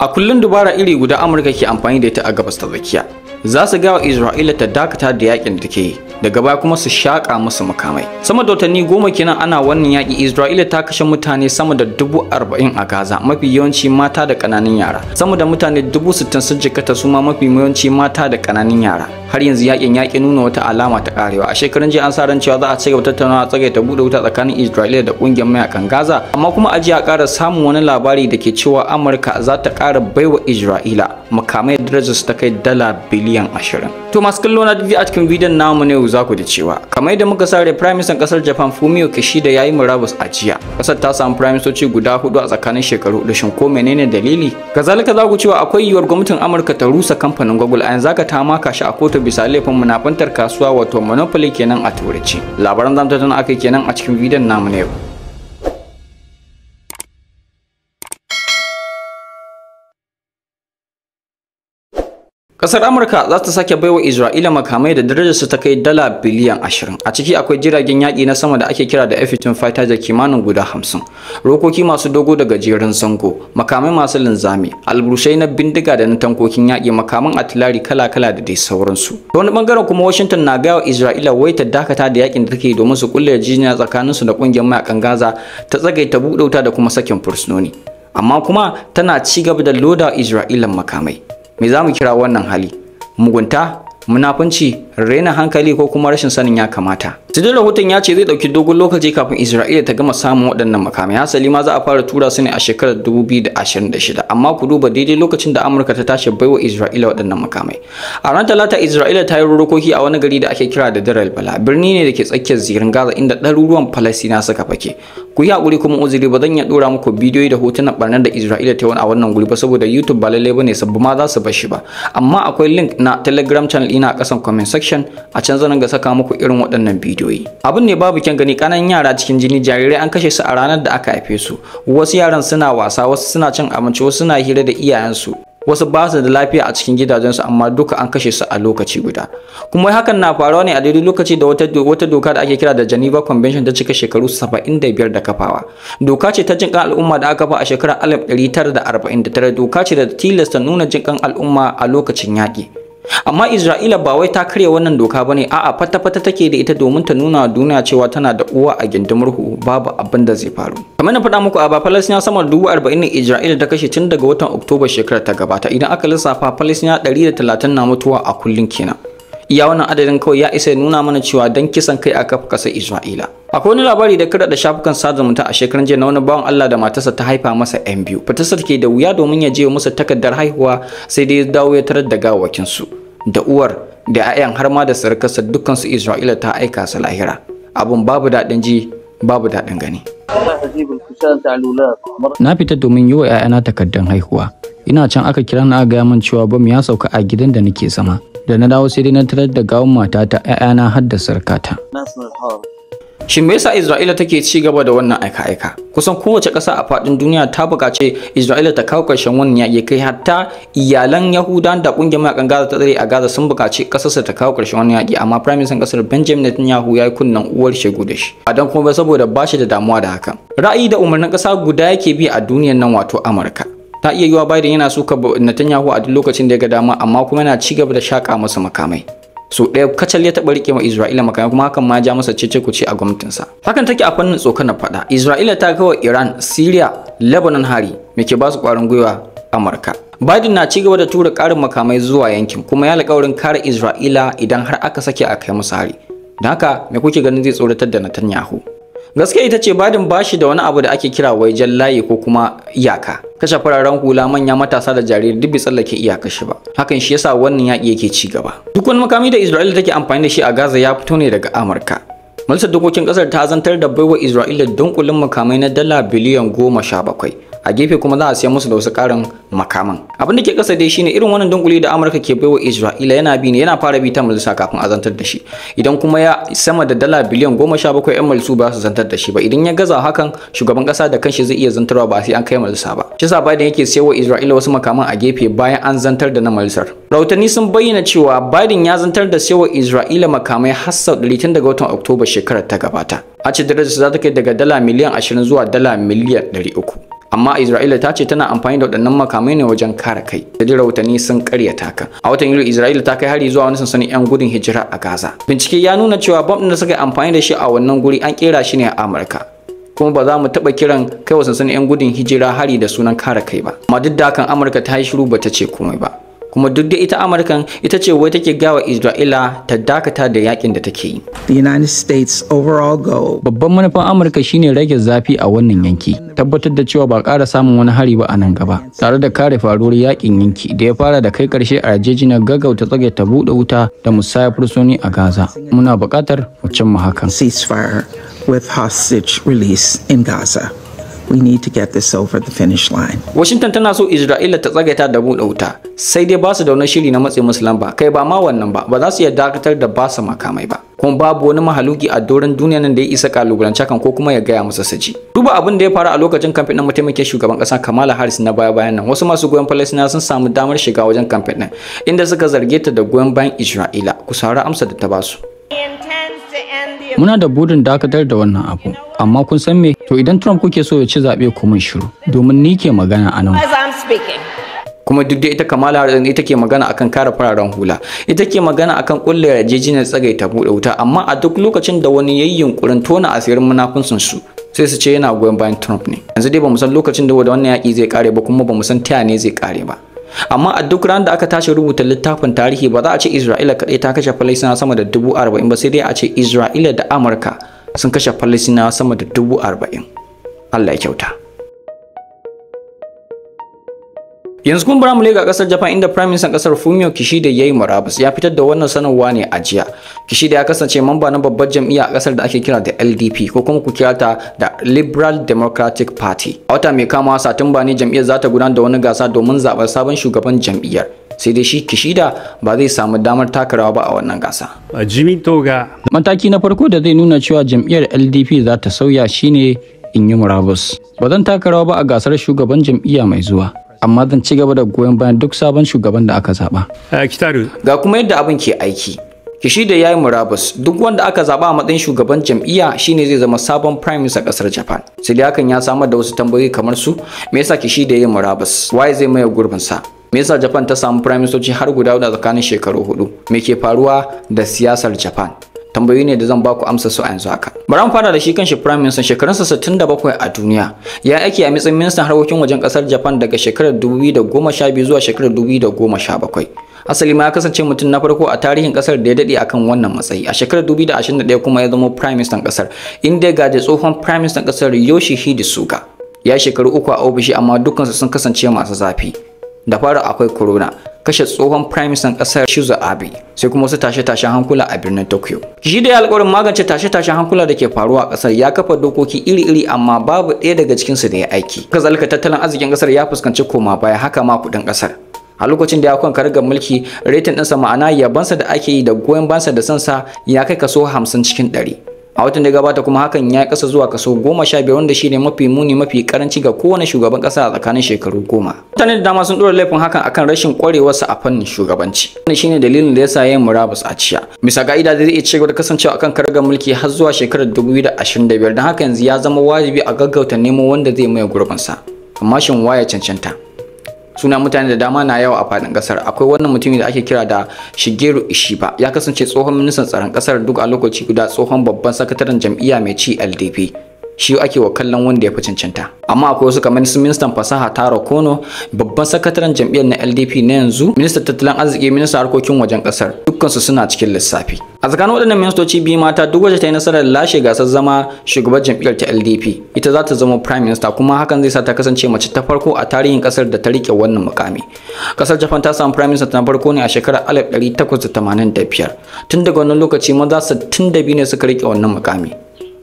A kullum dubara iri guda Amurka ke amfani da ita a gabas ta tsakiya. Za su gawa Isra'ila ta dakata da yakin da take yi. daga baya kuma su shaƙa musu makamai sama da watanni goma kenan ana wannan yaƙi isra'ila ta kashe mutane sama da dubu arba'in a gaza mafi yawanci mata da ƙananan yara sama da mutane dubu sittin sun jikata su ma mafi yawanci mata da ƙananan yara har yanzu yaƙin yaƙi nuna wata alama ta ƙarewa a shekarun jiya an sa ran cewa za a ci gaba tattaunawa ta buɗe wuta tsakanin isra'ila da ƙungiyar mayakan gaza amma kuma a jiya ƙara samun wani labari da ke cewa amurka za ta ƙara baiwa isra'ila makamai darajar su ta kai dala biliyan ashirin to masu kallo na a cikin bidiyon namu ne za ku da cewa kamar da muka sare prime minister kasar Japan Fumio Kishida yayi murabus a jiya kasar ta samu prime guda hudu a tsakanin shekaru da shin ko menene dalili kazalika za ku cewa akwai yiwuwar gwamnatin Amurka ta rusa kamfanin Google a yanzu ka ta maka shi a kotu bisa laifin munafantar kasuwa wato monopoly kenan a turanci labaran da aka kenan a cikin bidiyon namu ne yau Kasar Amurka za ta sake baiwa Isra'ila makamai da darajarsu ta kai dala biliyan 20. A ciki akwai jiragen yaki na sama da ake kira da F-15 fighter da kimanin guda 50, rokoki masu dogo da gajeren zango, makamai masu linzami, alburushai na bindiga da na tankokin yaƙi, makaman atilari kala-kala da dai sauransu. Ta wani bangaren kuma Washington na gaya wa Isra'ila wai ta dakata da yakin da take yi domin su kulle tsakanin su da ƙungiyar mayakan Gaza ta tsagaita buɗe wuta da kuma sakin fursunoni. Amma kuma tana ci gaba da loda Isra'ilan makamai. me za mu kira wannan hali mugunta munafunci raina hankali ko kuma rashin sanin ya kamata Sidin rahoton ya ce zai dauki dogon lokaci kafin Isra'ila ta gama samun waɗannan makamai. Hasali ma za a fara tura su ne a shekarar 2026, amma ku duba daidai lokacin da Amurka ta tashi baiwa Isra'ila waɗannan makamai. A ran Talata Isra'ila ta yi rurrukoki a wani gari da ake kira da Daral Bala, birni ne da ke tsakiyar zirin Gaza inda ɗaruruwan Falasina suka fake. Ku yi haƙuri kuma uzuri ba zan iya ɗora muku bidiyoyi da hotunan ɓarnar da Isra'ila ta yi a wannan guri ba saboda YouTube ba lallai ba ne sabbi ma za su bar shi ba. Amma akwai link na Telegram channel ina a ƙasan comment section a can zan ga saka muku irin waɗannan bidiyo. bidiyoyi abin ne babu kyan gani kanan yara cikin jini jarirai an kashe su a ranar da aka haife su wasu yaran suna wasa wasu suna cin abinci wasu suna hira da iyayensu wasu ba su da lafiya a cikin gidajensu amma duka an kashe su a lokaci guda kuma hakan na faruwa ne a daidai lokaci da wata doka da ake kira da Geneva Convention ta cika shekaru 75 da kafawa doka ce ta jinkan al'umma da aka ba a shekarar 1949 doka ce da tilasta nuna jinkan al'umma a lokacin yaki. amma Isra'ila ba wai ta karya wannan doka bane a'a fata-fata take da ita domin ta nuna duniya cewa tana da uwa a gindimar hu babu abin da zai faru kamar na faɗa muku a ba Falasina sama dubu arba'in ne Isra'ila ta kashe tun daga watan Oktoba shekarar ta gabata idan aka lissafa Falasina ɗari da talatin na mutuwa a kullum kenan ya wannan adadin kawai ya isa nuna mana cewa dan kisan kai a kafa kasar Isra'ila akwai wani labari da kada da shafukan sada zumunta a shekaran jiya na wani bawan Allah da matarsa ta haifa masa yan biyu Fatarsa ke da wuya domin ya je masa takardar haihuwa sai dai ya dawo ya tarar da gawakin su da uwar da 'ya'yan har ma da sarkarsa dukkansu Isra'ila ta aika su lahira abun babu daɗin ji babu daɗin gani. Na fita domin yi wa 'ya'yana takardar haihuwa, ina can aka kira na gaya min cewa bam ya sauka a gidan da nake zama da na dawo sai dai na tarar da gawun matata ‘ya'yana har da sarkata. Shin me yasa Isra'ila take ci gaba da wannan aika-aika? Kusan kowace ƙasa a faɗin duniya ta buƙaci Isra'ila ta kawo ƙarshen wannan yaƙi kai hatta iyalan Yahudan da ƙungiyar mayakan Gaza ta tsare a Gaza sun buƙaci ƙasarsa ta kawo ƙarshen wannan yaƙi amma Prime Minister ƙasar Benjamin Netanyahu ya yi kunnen uwar shigo da shi. A don kuma saboda bashi da damuwa da haka. Ra'ayi da umarnin ƙasa guda yake bi a duniyar nan wato Amurka. ta iya yiwa Biden yana so suka Netanyahu a duk lokacin da ya ga dama amma kuma yana ci gaba da shaka masa makamai so ɗaya kacal ya taɓa rike ma Isra'ila makamai kuma hakan ma ja masa cece kuce a sa. hakan take a fannin na faɗa Isra'ila ta kawo Iran Syria Lebanon hari me ke ba su ƙwarin gwiwa Amurka Biden na ci gaba da tura ƙarin makamai zuwa yankin kuma ya alƙawarin kare Isra'ila idan har aka sake a kai musu hari don haka me kuke ganin zai tsoratar da Netanyahu gaskiya ita ce badin bashi da wani abu da ake kira wai layi ko kuma iyaka kashe fararen hula manya matasa da jariri duk bai tsallake iyaka shi ba hakan shi yasa wannan yaki yake ci gaba duk wani makami da isra'ila take amfani da shi a gaza ya fito ne daga amurka Majalisar Dokokin Ƙasar ta zantar da baiwa Isra'ila dunkulin makamai na dala biliyan goma sha bakwai. A gefe kuma za a siya musu da wasu ƙarin makaman. Abin da ke ƙasa dai shine irin wannan dunkuli da Amurka ke baiwa Isra'ila yana bi ne yana fara bi ta majalisa kafin a zantar da shi. Idan kuma ya sama da dala biliyan goma sha bakwai 'yan majalisu ba su zantar da shi ba. Idan ya gaza hakan shugaban ƙasa da kanshi zai iya zantarwa ba sai an kai majalisa ba. Shi sa Biden yake siyawa Isra'ila wasu makaman a gefe bayan an zantar da na majalisar. rahotanni sun bayyana cewa biden ya zantar da wa isra'ila makamai har sau 100 daga watan oktoba shekarar ta gabata a ce darajarsa za ta kai daga dala miliyan 20 zuwa dala miliyan 300 amma isra'ila ta ce tana amfani da waɗannan makamai ne wajen kare kai da rahotanni sun ta taka. a watan yuli isra'ila ta kai hari zuwa wani sansanin yan gudun hijira a gaza bincike ya nuna cewa bam da suka yi amfani da shi a wannan guri an kera shi ne a amurka kuma ba za mu taɓa kiran kai wa sansanin 'yan gudun hijira hari da sunan kare kai ba amma duk da hakan amurka ta yi shiru ba ta ce komai ba kuma duk da ita amurkan ita ce wai take gawa isra'ila ta dakata da yakin da take yi the united states overall goal babban manufan amurka shine rage zafi a wannan yanki tabbatar da cewa ba ƙara samun wani hari ba a nan gaba tare da kare faruwar yakin yanki da ya fara da kai karshe a yarjejeniyar gaggauta tsage ta buɗe wuta da musayar fursuni a gaza muna buƙatar mu cimma hakan ceasefire with hostage release in gaza we need to get this over the finish line. Washington tana so Isra'ila ta tsagaita da buɗe wuta sai dai ba su da wani shiri na matse musu lamba kai ba ma wannan ba ba za su iya dakatar da ba su makamai ba kuma babu wani mahaluki a doron duniya nan da ya isa kalubalance kan ko kuma ya gaya masa saji duba abin da ya faru a lokacin kamfen din mataimakin shugaban kasa Kamala Harris na baya bayan nan wasu masu goyon Palestina sun samu damar shiga wajen kamfen din inda suka zarge ta da goyon bayan Isra'ila ku saurari amsa da ta ba su. Muna da burin dakatar da wannan abu, amma kun san me? To idan Trump kuke so ya ci zaɓe ku mun shiru, domin ni ke magana a nan. kuma duk da ita kamala ita ke magana akan kare fararen hula ita ke magana akan kulle yarjejeniyar ta buɗe wuta amma a duk lokacin da wani yayi yunkurin tona asirin munafunsun su sai su ce yana goyon bayan Trump ne yanzu dai bamu san lokacin da wannan yaki zai kare ba kuma bamu san taya ne zai kare ba amma a duk ran da aka tashi rubuta littafin tarihi ba za a ce Isra'ila kadai ta kashe falastina sama da dubu arba'in ba sai dai a ce Isra'ila da Amurka sun kashe falastina sama da dubu arba'in Allah ya kyauta Yanzu kun bara mu lega kasar Japan inda Prime Minister kasar Fumio Kishida yayi murabus ya fitar da wannan sanarwa ne a jiya. Kishida ya kasance mamba na babbar jam'iyya a kasar da ake kira da LDP ko kuma ku kira ta da Liberal Democratic Party. A wata mai kama Satumba ne jam'iyyar za ta gudanar da wani gasa domin zaɓar sabon shugaban jam'iyyar. sai dai shi Kishida ba zai samu damar takarawa ba a wannan gasa. Jimmy Toga. Mataki na farko da zai nuna cewa jam'iyyar LDP za ta sauya shine in yi murabus. Ba zan takarawa ba a gasar shugaban jam'iyya mai zuwa. amma zan ci gaba da goyon bayan duk sabon shugaban da aka zaba. Kitaru. Ga kuma yadda abin ke aiki. Kishida da yayi murabus duk wanda aka zaba a matsayin shugaban jam'iyya shine zai zama sabon prime minister kasar Japan. Sai dai hakan ya samar da wasu tambayoyi kamar su me yasa Kishida ya yi murabus? Waye zai maye gurbin sa? Me yasa Japan ta samu prime minister har guda hudu a tsakanin shekaru hudu? Me ke faruwa da siyasar Japan? tambayoyi ne da zan baku amsa su a yanzu haka bari mu fara da shi kanshi prime minister shekarunsa 67 a duniya ya aiki a matsayin ministan harkokin wajen kasar japan daga shekarar 2012 zuwa shekarar 2017 asali ma ya kasance mutum na farko a tarihin kasar da ya dade akan wannan matsayi a shekarar 2021 kuma ya zama prime minister kasar inda ga da tsohon prime minister kasar yoshihide suga ya shekaru uku a ofishi amma dukkansu sun kasance masu zafi da fara akwai corona kashe tsohon prime minister kasar Shizu Abe sai kuma wasu tashe-tashen hankula a birnin Tokyo. Shi da alƙawarin magance tashe-tashen hankula da ke faruwa a kasar ya kafa dokoki iri-iri amma babu ɗaya daga cikin su da ya aiki. Kazalika tattalin arzikin kasar ya fuskanci koma baya haka ma kuɗin kasar. A lokacin da ya kwan ga mulki, rating ɗinsa ma'ana yabansa da ake yi da goyon bansa da sansa ya kai kaso 50 cikin 100. a watan da gabata kuma hakan ya kasa zuwa kaso goma sha biyar wanda shine mafi muni mafi karanci ga kowane shugaban kasa a tsakanin shekaru goma mutane da dama sun dora laifin hakan akan rashin sa a fannin shugabanci wannan shine dalilin da yasa yayin murabus a ciya bisa da zai iya cewa da kasancewa akan karagar mulki har zuwa shekarar 2025 don haka yanzu ya zama wajibi a gaggauta nemo wanda zai maye sa. amma shin waya cancanta suna mutane da dama na yawa a faɗin ƙasar akwai wannan mutumin da ake kira da shigeru ishiba ya kasance tsohon ministan tsaron ƙasar duk a lokaci guda tsohon babban sakataren jam'iyya mai ci ldp shi ake wa kallon wanda ya fi cancanta amma akwai wasu kamar su ministan fasaha taro kono babban sakataren jam'iyyar na ldp na yanzu ministan tattalin arziki ministan harkokin wajen kasar dukkansu suna cikin lissafi a tsakanin waɗannan ministoci biyu mata duk wacce ta yi nasarar lashe gasar zama shugaban jam'iyyar ta ldp ita za ta zama prime minister kuma hakan zai sa ta kasance mace ta farko a tarihin kasar da ta rike wannan mukami kasar japan ta samu prime minister na farko ne a shekarar 1885 tun daga wannan lokaci maza 62 ne suka rike wannan mukami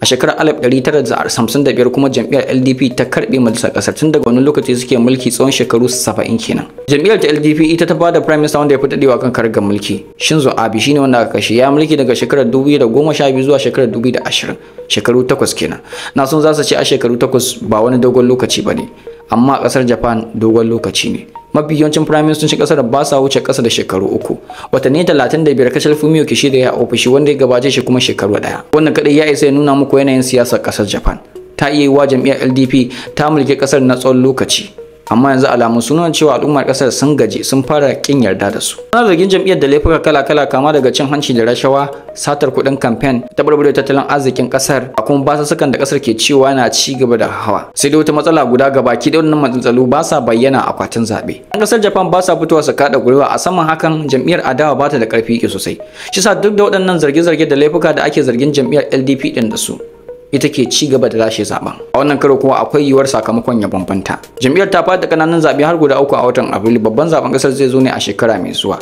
a shekarar 1955 kuma jam'iyyar LDP ta karbe majalisar kasar tun daga wani lokaci suke mulki tsawon shekaru 70 kenan jam'iyyar ta LDP ita ta bada prime minister wanda ya fi dadewa kan karagar mulki Shinzo abi shine wanda aka kashe ya mulki daga shekarar 2012 zuwa shekarar 2020 shekaru 8 kenan na son za su ce a shekaru 8 ba wani dogon lokaci bane amma a kasar Japan dogon lokaci ne mafi yawancin prime ministocin kasar ba sa wuce kasa da shekaru uku watanni 35 kacal fumio da ya ofishi wanda ya gabace shi kuma shekaru daya wannan kadai ya isa ya nuna muku yanayin siyasar kasar japan ta iya yi wa jam'iyyar ldp ta mulki kasar na tsawon lokaci amma yanzu alamun sun nuna cewa al'ummar kasar sun gaji sun fara kin yarda da su ana zargin jam'iyyar da laifuka kala-kala kama daga cin hanci da rashawa satar kuɗin kamfen ta taɓarɓare tattalin arzikin kasar a kuma basussukan da kasar ke cewa na ci gaba da hawa sai da wata matsala guda gabaki da wannan matsatsalu ba sa bayyana a kwatin zaɓe an kasar japan ba sa fitowa su kada gwiwa a saman hakan jam'iyyar adawa ba ta da karfi sosai shi sa duk da waɗannan zarge-zarge da laifuka da ake zargin jam'iyyar ldp ɗin da su ita ke ci gaba da lashe zaben a wannan karo kuma akwai yiwuwar sakamakon ya bambanta jam'iyyar ta fada kananan zabe har guda uku a watan afrilu babban zaben kasar zai zo ne a shekara mai zuwa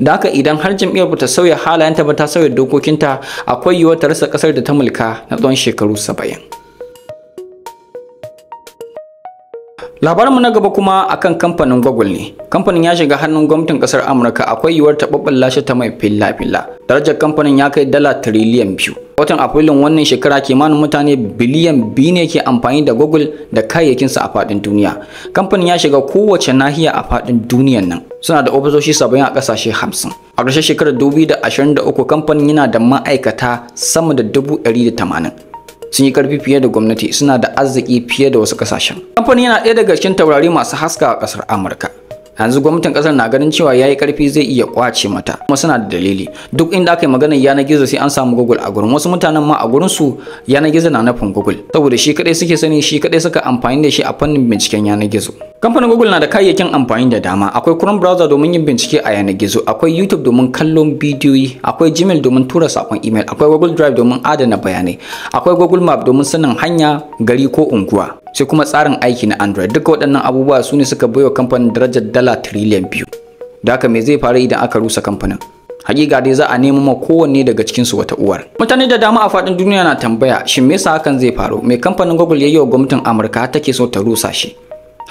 da haka idan har jam'iyyar ta sauya halayenta ba ta sauya dokokinta akwai yiwuwar ta rasa kasar da ta mulka na tsawon shekaru saba'in Labarinmu na gaba kuma akan kamfanin Google ne. Kamfanin ya shiga hannun gwamnatin kasar Amurka akwai yiwuwar taɓaɓɓen lashe ta mai filla-filla. Darajar kamfanin ya kai dala tiriliyan biyu. Watan Afrilun wannan shekara kimanin mutane biliyan biyu ne ke amfani da Google da kayayyakinsa a faɗin duniya. Kamfanin ya shiga kowace nahiya a faɗin duniyan nan. Suna da ofisoshi saba'in a ƙasashe hamsin. A ƙarshen shekarar 2023 kamfanin yana da ma'aikata sama da dubu da tamanin. sun yi karfi fiye da gwamnati suna da arziki fiye da wasu kasashen Kamfani yana ɗaya daga cikin taurari masu haska a ƙasar amurka yanzu gwamnatin ƙasar na ganin cewa ya yi karfi zai iya kwace mata kuma suna da dalili duk inda aka yi maganar yanar gizo sai an samu google a gurin wasu mutanen ma a gurin su yanar gizo na nufin google saboda shi kadai suke sani shi kadai suka amfani da shi a fannin binciken yanar gizo Kamfanin Google na da kayayyakin amfani da dama. Akwai Chrome browser domin yin bincike a yanar gizo, akwai YouTube domin kallon bidiyoyi, akwai Gmail domin tura sakon email, akwai Google Drive domin adana bayanai, akwai Google Map domin sanin hanya, gari ko unguwa. Sai kuma tsarin aiki na Android. Duka waɗannan abubuwa su ne suka baiwa kamfanin darajar dala tiriliyan biyu. Da haka me zai faru idan aka rusa kamfanin? hakika dai za a nemo ma kowanne daga cikin su wata uwar mutane da dama a faɗin duniya na tambaya shin me yasa hakan zai faru me kamfanin Google yayyo wa gwamnatin Amurka take so ta rusa shi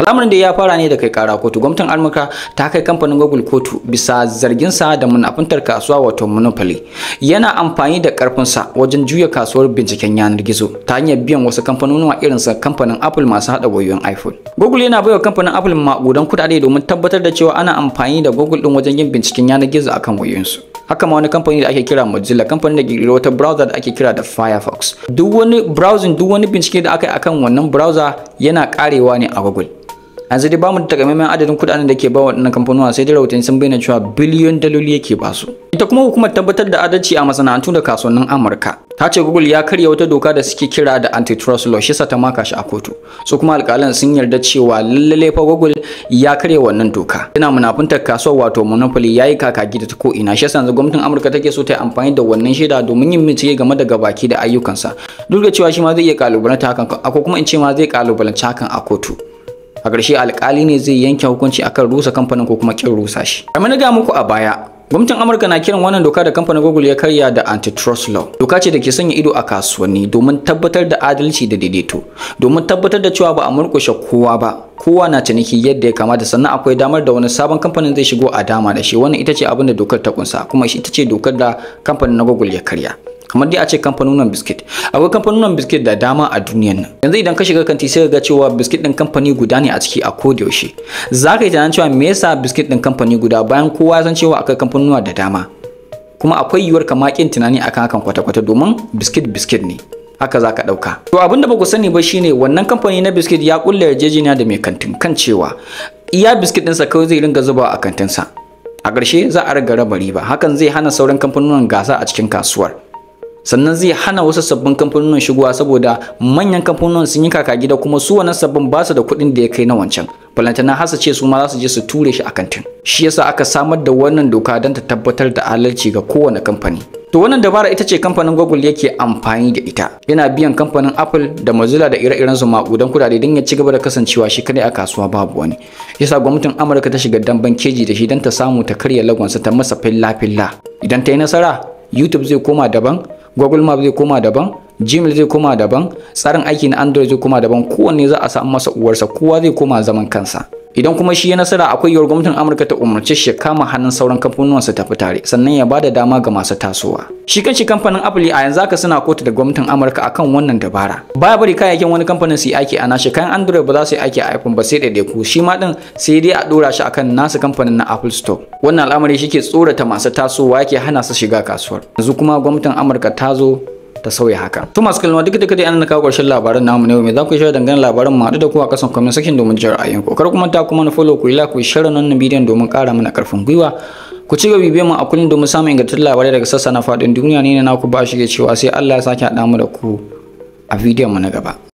al'amarin da ya fara ne da kai kara kotu gwamnatin amurka ta kai kamfanin google kotu bisa zargin sa da munafuntar kasuwa wato monopoly yana amfani da karfinsa wajen juya kasuwar binciken yanar gizo ta hanyar biyan wasu kamfanonuwa irin sa kamfanin apple masu hada wayoyin iphone google yana baiwa kamfanin apple maƙudan kuɗaɗe domin tabbatar da cewa ana amfani da google din wajen yin binciken yanar gizo akan wayoyinsu haka ma wani kamfani da ake kira Mozilla kamfani da kirkiro wata browser da ake kira da Firefox duk wani browsing duk wani bincike da aka yi akan wannan browser yana karewa ne a Google yanzu dai bamu da takamaiman adadin kudaden da ke ba waɗannan kamfanuwa sai dai rahotanni sun bayyana cewa biliyon daloli yake ba su ita kuma hukumar tabbatar da adalci a masana'antu da kasuwannin Amurka ta ce Google ya karya wata doka da suke kira da antitrust law shi ta maka shi a kotu su kuma alƙalan sun yarda cewa lalle fa Google ya karya wannan doka tana munafuntar kasuwar wato monopoly yayi kaka gida ta ko ina shi yanzu gwamnatin Amurka take so ta yi amfani da wannan shaida domin yin bincike game da gabaki da ayyukansa duk da cewa shi ma zai iya kalubalanta hakan ko kuma in ce ma zai kalubalanci hakan a kotu a ƙarshe alƙali ne zai yanke hukunci akan rusa kamfanin ko kuma kin rusa shi kamar na ga muku a baya Gwamnatin Amurka na kiran wannan doka da kamfanin Google ya karya da antitrust law. Doka ce da ke sanya ido a kasuwanni domin tabbatar da adalci da daidaito, domin tabbatar da cewa ba a murƙushe kowa ba, kowa na ciniki yadda ya kamata sannan akwai damar da wani sabon kamfanin zai shigo a dama da shi wannan ita ce abin da dokar ta kunsa kuma ita ce dokar da kamfanin na Google ya karya. kamar dai a ce kamfanonin biskit akwai kamfanonin biskit da dama a duniyan nan yanzu idan ka shiga kanti sai ga cewa biskit din kamfani guda ne a ciki a koda yaushe za ka yi tunanin cewa me yasa biskit din kamfani guda bayan kowa ya san cewa akwai kamfanonuwa da dama kuma akwai yiwuwar ka kin tunani akan hakan kwata-kwata domin biskit biskit ne haka za ka ɗauka. To abin da ba ku sani ba shine wannan kamfani na biskit ya kulle yarjejeniya da mai kantin kan cewa iya biskit ɗinsa kawai zai ringa zuba a kantinsa. A ƙarshe za a riga raba riba hakan zai hana sauran kamfanonin gasa a cikin kasuwar. sannan zai hana wasu sabbin kamfanonin shigowa saboda manyan kamfanonin sun yi kaka gida kuma su wannan sabbin ba su da kuɗin da ya kai na wancan balantana hasa ce su ma za su je su ture shi a kantin shi yasa aka samar da wannan doka don ta tabbatar da alalci ga kowane kamfani to wannan dabara ita ce kamfanin Google yake amfani da ita yana biyan kamfanin Apple da Mozilla da ire-iren su maƙudan kudade don ya ci gaba da kasancewa shi kadai a kasuwa babu wani yasa gwamnatin Amurka ta shiga damben keji da shi don ta samu ta karya lagonsa ta masa filla-filla idan ta yi nasara YouTube zai koma daban google map zai koma daban gmail zai koma daban tsarin aiki na android zai koma daban kowanne za a samu masa uwarsa kowa zai koma zaman kansa idan kuma shi ya nasara akwai yiwuwar gwamnatin amurka ta umarce shi kama hannun sauran kamfanonin su tafi tare sannan ya bada dama ga masu tasowa shi kanshi kamfanin apple a yanzu haka suna kotu da gwamnatin amurka akan wannan dabara baya bari kayayyakin wani kamfanin su yi aiki a nashi kayan android ba za su yi aiki a iphone ba sai ku. shi ma din sai dai a dora shi akan nasu kamfanin na apple store wannan al'amari shi ke tsorata masu tasowa yake hana su shiga kasuwar yanzu kuma gwamnatin amurka ta zo ta sauya haka to masu kalma duk duk dai an kawo ƙarshen labaran namu ne mai za ku share dangane labaran mu haɗu da ku a kasan comment section domin jin ku. kar kuma ta kuma na follow ku yi ila ku share nan bidiyon domin ƙara mana ƙarfin gwiwa ku ci gaba bibiyar mu a kullum domin samun ingantattun labarai daga sassa na faɗin duniya ne na ku ba shi cewa sai Allah ya sake haɗa mu da ku a bidiyon mu na gaba